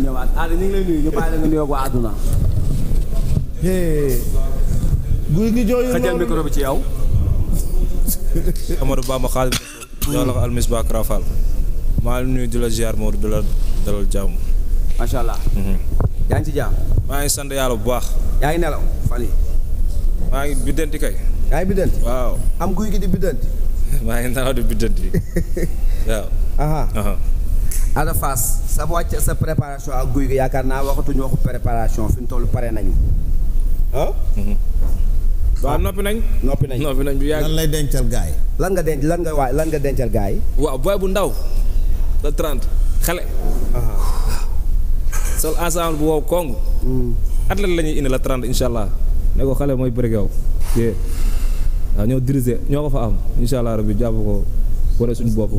ñëwaat Aliou ñu ngi bi ci yow. Amadou Bamba xaalis. yow la ko almisbah Krafal. maa ngi nuyu di la ziar Maodo allah. Mhm. yaa ci jàmm. maa ngi sant yàlla bu baax. yaa ngi nelaw fan yii. maa ngi biddanti kay. yaa ngi biddanti. waaw am guy gi di biddanti. maa ngi nelaw di biddanti waaw. Ada Fass sa wàcc sa préparation ak guy gi yaakaar naa waxatuñoo ko préparation fi mu toll pare nañu ah. waaw noppi nañ. noppi nañ bi nañ bu yàgg. lay dencal gars yi. lan nga denc lan nga waay lan nga dencal gars waaw booy bu ndaw. le 30 xale. Uh-huh. sol ensemble bu wow kongu. Mm. atlet la ñuy indi la trente incha allah ne xale mooy bëri yow. waaw ñoo diriger ñoo ko fa am incha allah rabbi jàpp ko. waree suñu bopp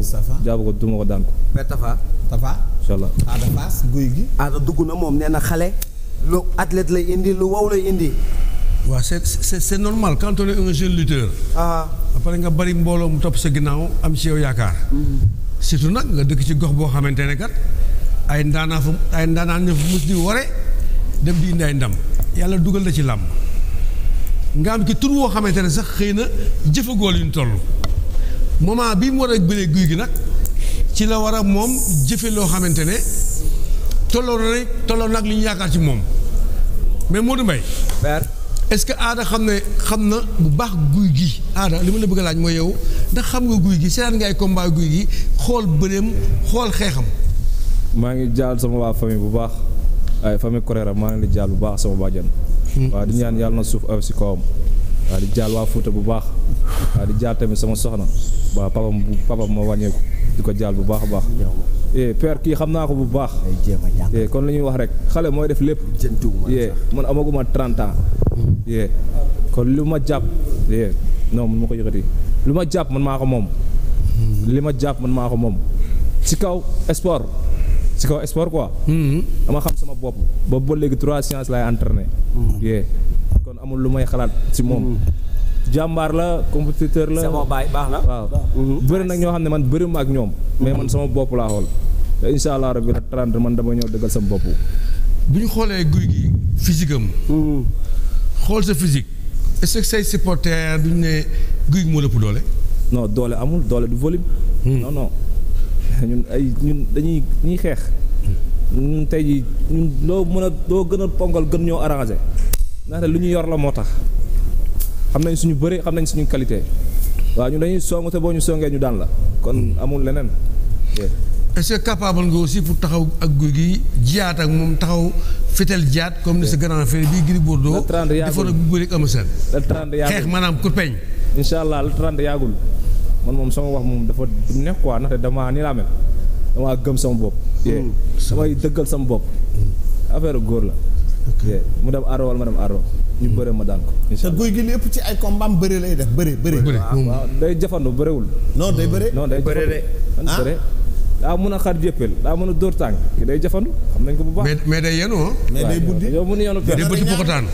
jaabu ko duma ko daan ko. mais Tafa. Tafa. incha guy gi. Ada dugg na moom nee na xale. lu athlète lay indi lu wow lay indi. waaw c'est c'est normal quand on est un jeune lutteur. Ah. nga bari mbooloo mu topp sa ginnaaw am ci yow yaakaar. Mm-hmm. surtout nag nga dëkk ci gox boo xamante ne kat ay ndaanaa fu ay ndaanaan ñëw fu mus di ware dem di indi ay ndam yàlla dugal na ci làmb nga am ci tur woo xamante ne sax xëy na jëfagóol yu ñu toll. moment bi mu war a bëree guy gi nag ci la war a moom jëfe loo xamante ne tolloo na tolloo nag li ñu yaakaar ci moom mais Modou Mbaye est-ce que aada xam ne xam na bu baax guy gi aada li ma la bëgg laaj mooy yow ndax xam nga guy gi seetaan nga ay combat guy gi xool bëreem xool xeexam maa ngi jaal sama waa famille bu baax ay famille Koreera maa ngi di jaal bu baax sama bàjjan hmm. waaw di ñaan yàlla na suuf aw si kawam waaw di jaal waa Fuuta bu baax waaw di jaal tamit sama soxna waaw papam papam ma wàññeeku di ko jaal bu baax a baax e père kii xam naa ko bu baax e kon la ñuy wax rek xale mooy def lépp yee eh, man amaguma 30 ans yee kon lu ma jàpp yee non man ma ko yëkkati lu ma jàpp man maa ko moom li ma jàpp man maa ko moom si kaw sport si kaw sport quoi hmm. dama xam sama bopp ba ba léegi trois séances lay entraîné hmm. amul lu may xalaat si moom. Mm-hmm. jàmbaar la compétiteur la. sama baay baax na waaw. Mm-hmm. bëri nag ñoo xam ne man bëri ma ak ñoom. mais man mm-hmm. sama bopp laa xool. te incha allah rabbi nag 30 man dama ñëw dëggal sama bopp. bu ñu xoolee guy gi physique am. xool sa physique. est-ce que say supporters duñ ne guy gi moo lëpp doole. noo doole amul doole du volume. non ay ñun dañuy ñuy xeex. ñun tey ñun loo mën a loo gën a pongal gën ñoo arrangé. ndaxte lu ñu yor la moo tax xam nañ suñu bëri xam nañ suñu qualité waaw ñu dañuy song te boo ñu songee ñu daan la kon amul leneen. est-ce que capable nga aussi pour taxaw ak guy gi jiyaat ak moom taxaw fitel jiyaat comme ni sa grand frère bii Gris Bordeaux. le 30 yaagul il faut xeex maanaam ku peñ. incha allah le 30 yaagul man moom sama wax moom dafa du nekk quoi ndaxte damaa ni laa damaa gëm sama bopp. samay mm. dëggal sama bopp mm. affaire góor la. mu dem aaro wala ma dem aaro ñu hmm. bëre ma daan ko. te guy gi lépp ci ay combat am bëre lay def bëre bëre. Ah, waaw hmm. day jafandu bërewul. non day bëre. non day jafandu ah bëre. daa mun a xar jëppel daa mën a dóor tànk ki day jafandu xam nañ ko bu baax. mais day yenu ah. mais day buddi yow mënu yenu. day buddi pokotaan.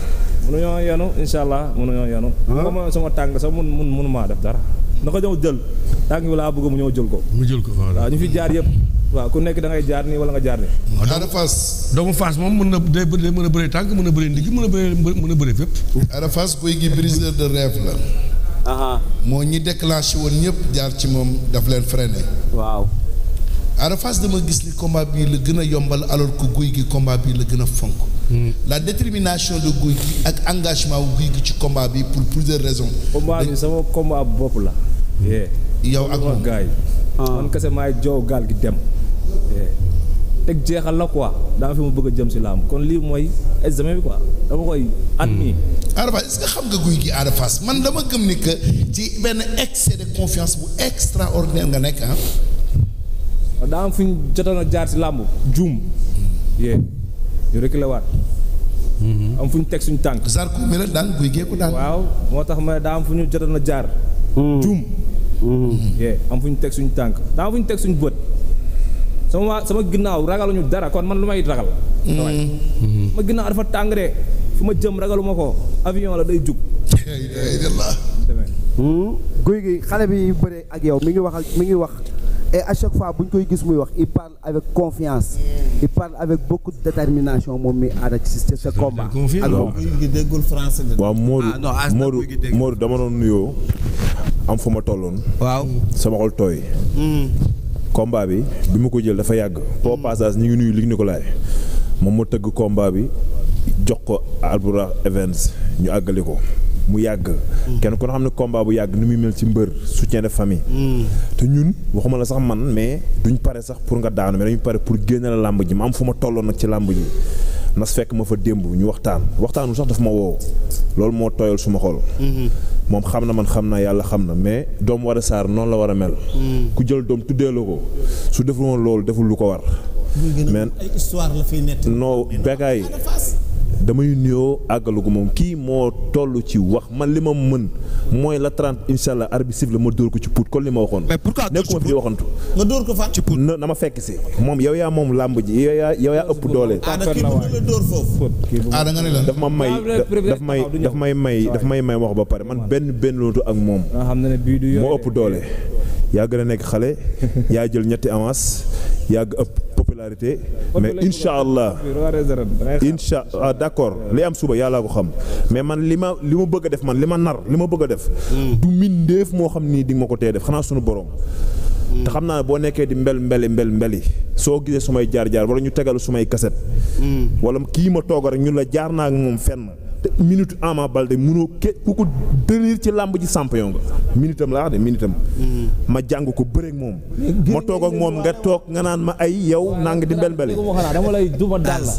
mënuñoo yenu incha allah mënuñoo yenu. Ah? xam nga sama tànk sax mun mun mënumaa def dara. na ko ñëw jël tànk bi laa bëgg mu ñëw jël ko. mu jël ko waaw ñu fi jaar yëpp waaw ku nekk da jaar nii wala nga jaar nii. Ada Fass. doomu moom mën na day day mën a bëree tànk mën a bëree ndigg mën a bëree mën a bëree fépp. Ada Fass kuy gi briseur de rêve la. moo ñi déclenché woon ñëpp jaar ci moom daf leen freiné. waaw. Ada dama gis ni combat bii la gën a yombal alors que guy gi combat bii la gën a fonk. Hmm. la détermination de guy gi ak engagement guy gi ci combat bii pour plusieurs raisons. combat bi sama combat bopp la. Hmm. yow ak moom yow ah. ak gaal gi dem. Eh. teg jeexal la quoi daa fi mu bëgg a jëm si làmb kon lii mooy examen bi quoi dama koy admis. Hmm. Ada Fass est xam nga guy gi Ada Fass man dama gëm ni que ci benn excès de confiance bu extraordinaire nga nekk ah. daa am fu ñu jotoon a jaar si làmb juum. Hmm. yee hmm. ñu teg suñu tànk. Zarko mi la daan guy gee ko daan. waaw moo tax ma daa am fu ñu jotal na jaar. juum. yee am fu ñu teg suñu tànk daa am fu ñu teg suñu bët. sama waa sama ginnaaw ragaluñu dara kon man lu may ragal. Mm-hmm. ma ginnaaw dafa tàng de fu ma jëm ragaluma ko avion la day jug. Hmm? guy gi xale bi bëre ak yow mi ngi wax ak mi ngi wax et à chaque fois bu ñu koy gis muy wax il parle avec confiance. il parle avec beaucoup de détermination moom mi aada ci sa combat. alors waaw Modou ah, Modou Modou dama doon nuyoo am fu ma tolloon. waaw sama xol tooy. Hmm. combat bi bi ma ko jël dafa yàgg. au mm. passage ñu ngi nuyu Luc Nicolaï moom moo tëgg komba bi jox ko Albourakh Events ñu àggali ko mu yàgg. Mm. kenn ku ne xam ne combat bu yàgg ni muy mel ci mbër soutien de famille. Mm. te ñun waxuma la sax man mais duñ pare sax pour nga daanu mais dañu pare pour génne la làmb ji ma am fu ma tolloon nag ci làmb ji. nas fekk ma fa démb ñu waxtaan waxtaanu sax daf ma wow loolu moo tooyal suma xol. Mm-hmm. moom xam na man xam na yàlla xam na mais doom war a saar noonu la war a mel. Hmm. ku jël doom tuddee la ko su deful loolu deful lu ko war. mais ay histoire la fiy nett. non damay nuyoo ko moom kii moo tollu ci wax man li ma mën mooy la trent incha allah arbitre ma dóor ko ci puut kon li ma waxoon. mais pourquoi nekkuma fi di waxantu. nga dóor ko fa ci puut na ma fekk si. moom yow yaa moom làmb ji yow yaa yow yaa ëpp doole. ah da kii bëgg la ah, da ma may daf may daf may may may may wax ba pare man benn benn lootu ak moom. Ah, moo ëpp doole. yaa gën a nekk xale yaa jël ñetti avance yaa ëpp. popularité mais incha allah incha ah, d' accord li am suba yàlla ko xam mais man li ma li ma bëgg a def man li ma nar li ma bëgg a def. Hmm. du mindeef moo xam nii di ma ko tee def xanaa suñu borom. Hmm. te xam naa boo nekkee di mbel mbeli mbel mbeli soo gisee may jaar jaar wala ñu su may kaset. Hmm. wala kii ma toogal rek ñun la jaar naa ak moom fenn. minute Ama Baldé mënoo ke ku ko dënir ci làmb ji champion nga minute am laa wax de minute am hmm. ma jàng ko bëreeg moom ma toog ak moom nga toog nga naan ma ay yow nang di mbel mbel dama lay duma dal la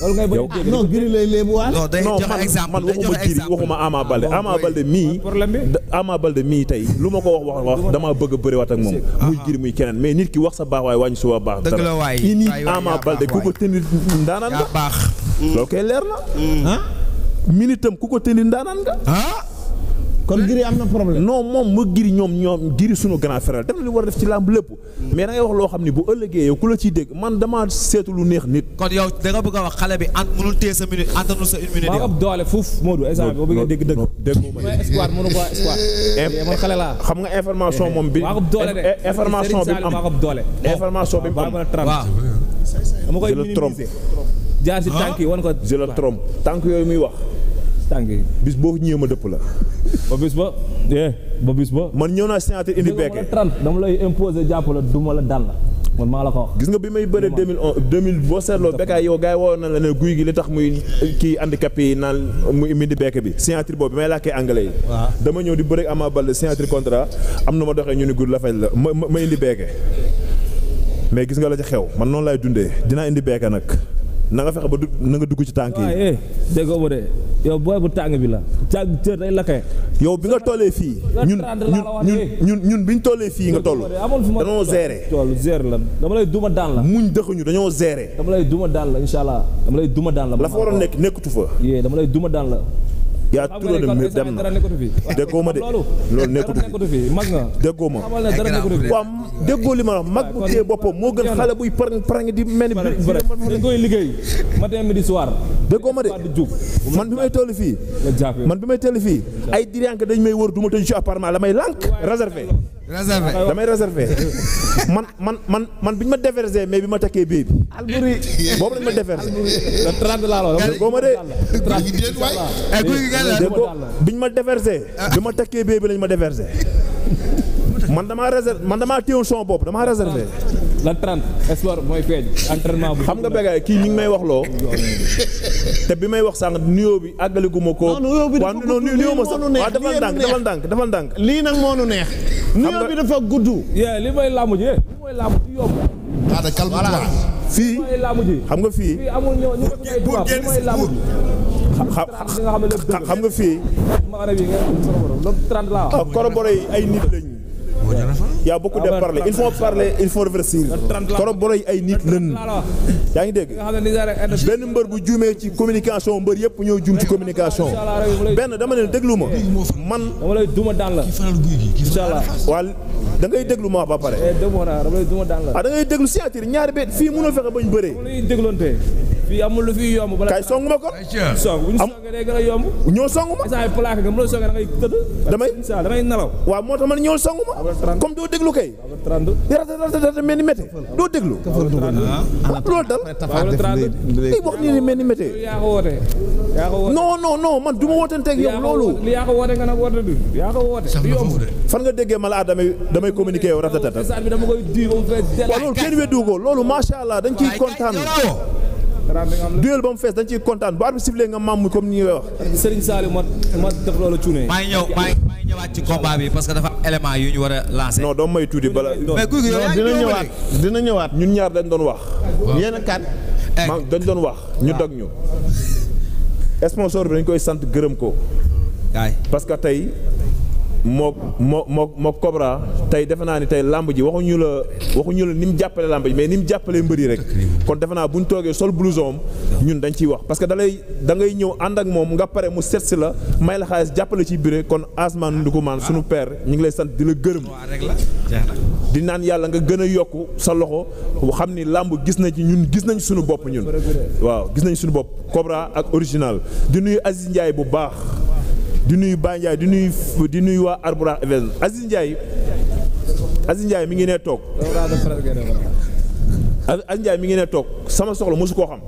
loolu ngay bëgg dégg non giri lay man waxuma giri waxuma Ama Baldé ah, Ama Baldé mii tey lu ma ko wax wax wax damaa bëgg a bëri waat ak moom ah, muy ah. giri muy keneen mais nit ki wax sa baax waaye wàññi su baax dara ini Ama Baldé ku ko tënir ndaanaan nga koy leer na hmm. minitam ku ko tëndi ndaanaan nga. kon giri am na problème. non moom mu giri ñoom ñoom giri sunu grand frère def na li war a def ci làmb lépp. mais da wax loo xam ni bu ëllëgee ku la ciy dégg man damaa seetu lu neex nit. kon yow da nga bëgg a wax xale bi ant mënul téye sa minute antanul sa une minute. maa ngi doole fuuf Modou exemple boo bëggee dégg dëgg. dégg moom mooy espoir mënu ko xale laa. xam nga information moom bi. maa information bi am information bi am. waaw waaw waaw. dama jaar si ah. tànk yi wan ko. je le trompe tànk yooyu muy wax. tànk yi bis boo ñëwee ma dëpp la. ba bis ba. Eh, ba ba. man ñëw naa signature indi beeke. dama lay imposer jàpp la duma la dal la. man maa la ko wax. gis nga bi may bëree deux mille un deux mille boo seetloo bekkaay yow gars yi woo na la ne guy gi li tax muy kii handicapé yi naan muy mindi bekke bi signature boobu bi may làkkee anglais yi. dama ñëw di bëri Ama Baldé signature contrat am na ma doxee ñu ni gudd la fay la ma ma indi bekke mais gis nga la ci xew man noonu laay dundee dinaa indi bekke nag. na nga fexe ba du na nga dugg ci tànk yi. waaw eh, dégg nga de yow booy bu tàng bi la. tàng cër day lakkee. yow bi nga tollee fii. ñun ñun ñun ñun bi ñu tollee fii nga toll. dañoo gérer tool gérer la dama lay duma daan la. muñ ñu dañoo gérer. dama lay duma daan la incha allah dama lay duma daan la. la fa waroon nekk nekkatu fa. yee eh, dama lay duma daan la. yaa tuddoo ne dem na déggoo ma de loolu nekkutu fi déggoo ma waaw déggoo li ma mag bu téye boppam moo gën xale buy parang parang di mel ni dañ koy liggéey matin midi soir déggoo ma de man bi may toll fii man bi may toll fii ay diriyànk dañ may wër du ma tëj ci appartement la may lànk réservé réservé ah, damay réservé man man man man bi ñu ma déversé mais bi ma takkee bii bi. boobu lañ ma déversé. le la wax. góoma de. 30 déet waay. Eh, bi ñu ma déversé. Ah. bi ma takkee bii bi lañ ma déversé. man damaa réservé man damaa téyewoon son bopp damaa réservé. la 30 espoir mooy feeñ entraînement bu. xam nga béykat kii ñu ngi may wax loo. te bi may wax sànq nuyoo bi àggaliguma ko. non bi dafa ma sax waaw defal ndànk defal ndànk defal ndànk. lii nag moo nu neex. nuyoo bi dafa gudd. yee li may laamu ji li may laamu ji yomb. daanaka calme-toi. fii xam nga fii. fii amul ñëw ñu ko tubaab li may xam nga fii. maanaam yi xam ne ay nit y a beaucoup de parler il faut parler il faut réversir trop boroy ay nit lën yaa ngi dégg benn mbër bu juumee ci communication mbër yëpp ñëw juum ci communication benn dama ne déglu ma man dama lay duma daan la waaw da ngay déglu ma ba pare eh, ah da ngay déglu signature ñaari be fii mënoo fexe bañ bëree fii amul lu fi yomb. kay songu ma ko. songu ma. da ngay tëdd. damay waaw moo tax man ñoo songu ma. comme doo déglu kay. rata rata rata mel ni mété doo déglu. Ah, loolu dal. li wax man du ma wootanteeg yow loolu. li yaa ko woote fan nga déggee ma la ah, damay damay communiquer yow rata rata. waaw loolu kenn weddu ko loolu macha allah dañ ciy kontaan duel ba mu fees dañ ciy kontaan bu arbitre sifflé nga maam comme ni ñuy wax. Serigne Saliou ma ma def loolu cuune. maa ngi ñëw maa ñëwaat ci combat bi parce que dafa am élément yu ñu war a lancer. non doo may tuuti bala. dina ñëwaat dina ñëwaat ñun ñaar dañ doon wax. yéen a kat. Eh. dañ doon wax ñu dog ñu. Ah. sponsor bi dañ koy sant gërëm ko. parce que tey moo moo moo moo Cobra tey defe naa ni tey làmb ji waxuñu la waxuñu la ni mu jàppale làmb ji mais ni mu jàppalee yi rek kon defe naa bu ñu toogee sol blouson ñun dañ ciy wax parce que da lay da ngay ñëw ànd ak moom nga pare mu seet si la may la xaalis jàppale ci biir kon Asmaan Ndukumaan sunu père ñu ngi lay sant di la gërëm di naan yàlla nga gën a yokk sa loxo xam ni làmb gis na ci ñun gis nañ sunu bopp ñun waaw gis nañ suñu bopp Cobra ak original di nuyu Aziz Ndiaye bu baax di nuyu Baye Ndiaye di nuyu di nuyu waa Arbourah Events Aziz Ndiaye Aziz Ndiaye mi ngi nee toog Aziz Ndiaye mi ngi nee toog sama soxla mosu koo xam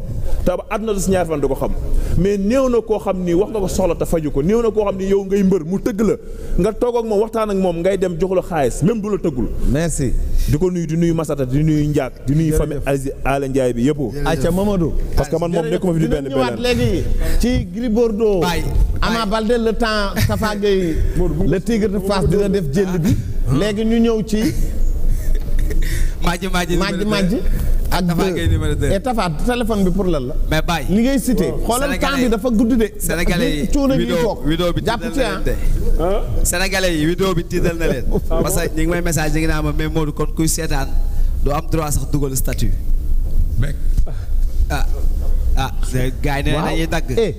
te ba àdduna si ñaar fan du ko xam mais néew na koo xam ni wax nga ko soxla te faju ko néew na koo xam ni yow ngay mbër mu tëgg la nga toog ak moom waxtaan ak moom ngay dem jox la xaalis même du la tëggul. merci di ko nuyu di nuyu Masata di nuyu Ndiak di nuyu famille Aziz Ala bi yëpp. acca Mamadou. parce que man moom nekkuma fi di benn benn dina ñëwaat léegi ci Gris Bordeaux. Ama Baldé le temps Tafa Gueye le tigre de Fass dina def jël bi. léegi ñu ñëw ci. Madji Madji Madji ak et tafaat téléphone bi pour lan la. mais bàyyi li ngay cité. xoolal temps bi dafa gudd de. sénégalais yi cuuna ñuy toog jàpp ci ah. yi vidéo bi tiital na leen. Ah parce que ñu may message ñu ngi naan ma mais Modou kon kuy seetaan doo am droit sax dugal statut. ah ah. gars yi nee nañuy dagg. eh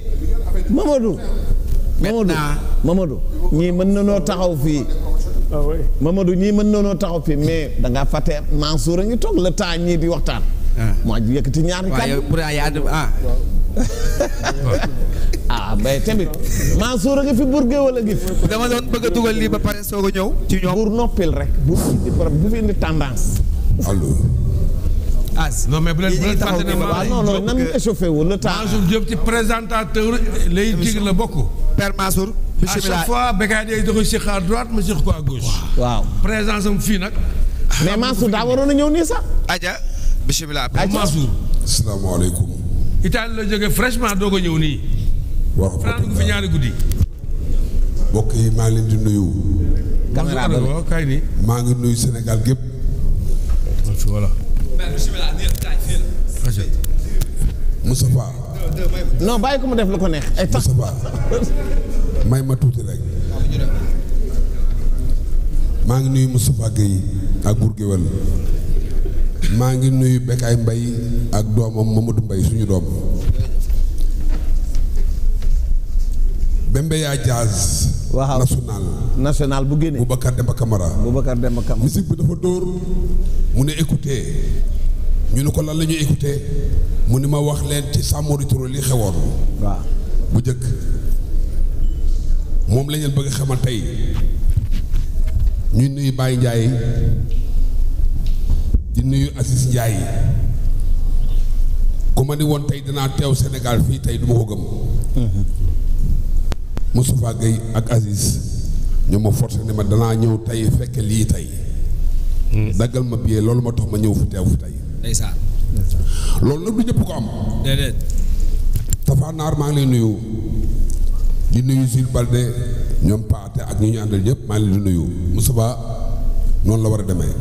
Mamadou. ñii mën na noo taxaw fii. Ah Mamadou ñii mën noonoo taxaw fii mais da ngaa fàtte a ngi toog le temps ñii di waxtaan. Ah. moo yëkkati ñaari kàddu ah. ah mais tamit a ngi fi buur géwël a ngi dama doon bëgg a dugal lii ba pare soog a ñëw ci buur noppil rek bu bu fi indi tendance. allo. ah non mais bu leen bu leen fàtte ne nan échauffé wu le temps. Mansour Diop ci présentateur lay jig la bokk. Père Mansour. monsieur Bilal à chaque fois Bécaye day doxee si ma jox ko à gauche. waaw présence am fii nag. mais Mansour daa waroon a ñëw nii sax. Adja monsieur Bilal. Adja Mansour. la jógee fraîchement doo ko ñëw nii. waaw waaw fanaan yi maa ngi leen di nuyu. caméra ba kay bàyyi ko mu def lu ko neex. ay may ma tuuti rek maa ngi nuyu Moustapha Gueye ak Bourguewal maa ngi nuyu Bekaay mbay ak doomam Mamadou Mbaye suñu doom Bembe yaa jazz national bu génne Boubacar Demba Camara Boubacar Demba dafa dóor mu ne écouté ñu ne ko lan la ñuy écouté mu ne ma wax leen ci Samori Touré xewoon bu jëkk moom la ñu bëgg xamal tey ñu nuyu bàyyi Ndiaye di nuyu Assis Ndiaye ku ma ni woon tey dinaa teew Sénégal fii tey du ma ko gëm. Moustapha Gueye ak Aziz ñoo ma ne ma danaa ñëw tey fekk lii tey. Mm. daggal ma billet loolu ma tax ma ñëw fi teew fi tey. loolu nag du ñëpp ko am. déedéet. Naar maa ngi nuyu. di nuyu Jules Baldé ñoom Paate ak ñi ñu àndal ñëpp maa ngi leen di nuyu Moustapha noonu la war a demee.